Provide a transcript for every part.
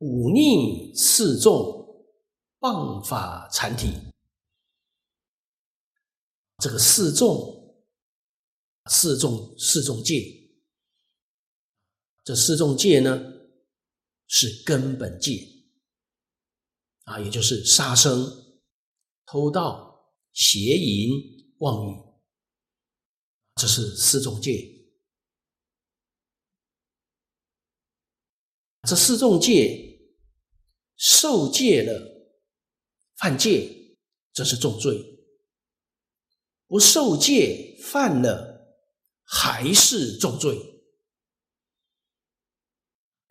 五逆四重謗法闡提。這個四重，四重四重戒，這四重戒呢是根本戒啊，也就是殺生、偷盜、邪淫、妄語，這是四重戒。這四重戒，受戒了，犯戒這是重罪；不受戒犯了，還是重罪。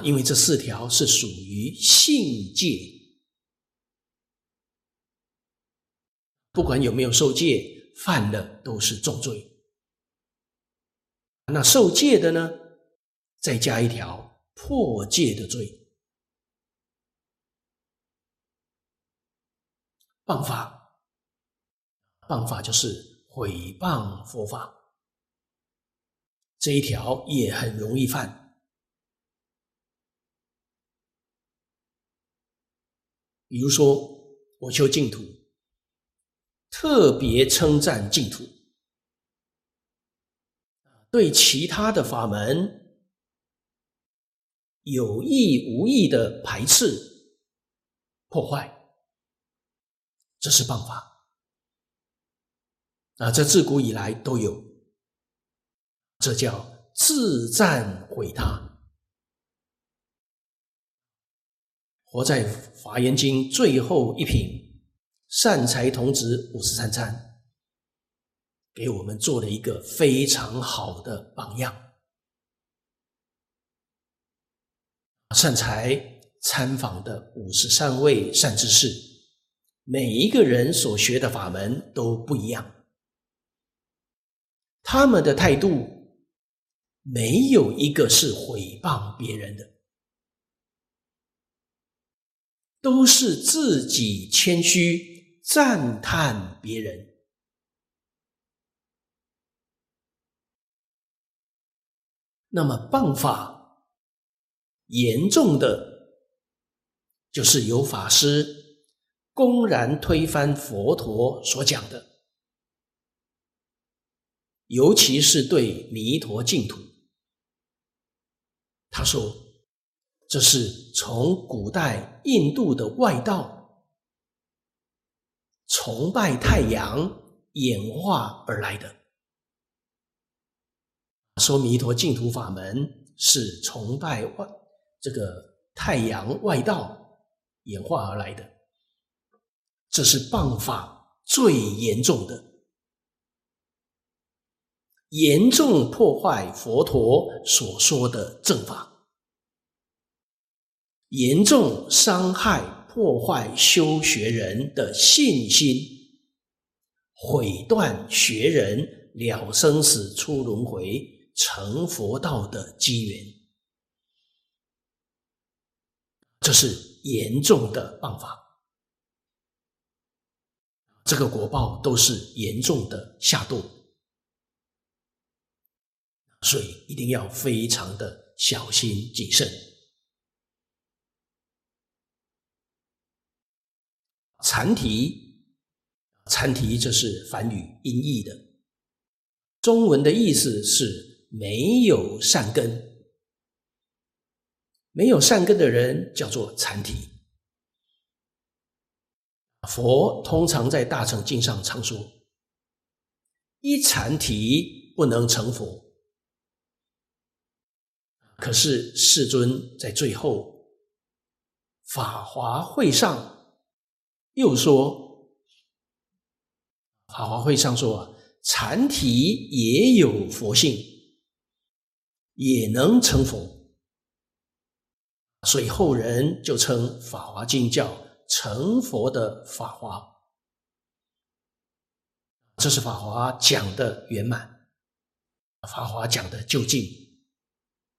因為這四條是屬於性戒，不管有沒有受戒，犯了都是重罪。那受戒的呢，再加一條。破戒的罪，謗法，謗法就是毀謗佛法，這一條也很容易犯。比如說，我修淨土，特別稱讚淨土，對其他的法門。有意無意的排斥、破壞，這是謗法。啊，這自古以來都有，這叫自讚毀他。活在《華嚴經》最後一品，善財童子五十三參，給我們做了一個非常好的榜樣。善財參訪的五十三位善知識，每一個人所學的法門都不一樣，他們的態度沒有一個是毀謗別人的，都是自己謙虛讚嘆別人。那麼謗法。嚴重的，就是有法師公然推翻佛陀所講的，尤其是對彌陀淨土，他說這是從古代印度的外道崇拜太陽演化而來的，說彌陀淨土法門是崇拜外。這個太陽外道演化而來的，這是謗法最嚴重的，嚴重破壞佛陀所說的正法，嚴重傷害破壞修學人的信心，毀斷學人了生死、出輪回、成佛道的機緣。這是嚴重的謗法，這個果報都是嚴重的下墮，所以一定要非常的小心謹慎。闡提，闡提這是梵語音譯的，中文的意思是沒有善根。沒有善根的人叫做闡提。佛通常在大乘經上常說，一闡提不能成佛。可是世尊在最後法華會上又說，法華會上說啊，闡提也有佛性，也能成佛。所以後人就稱《法華經》叫成佛的法華，這是法華講的圓滿，法華講的究竟。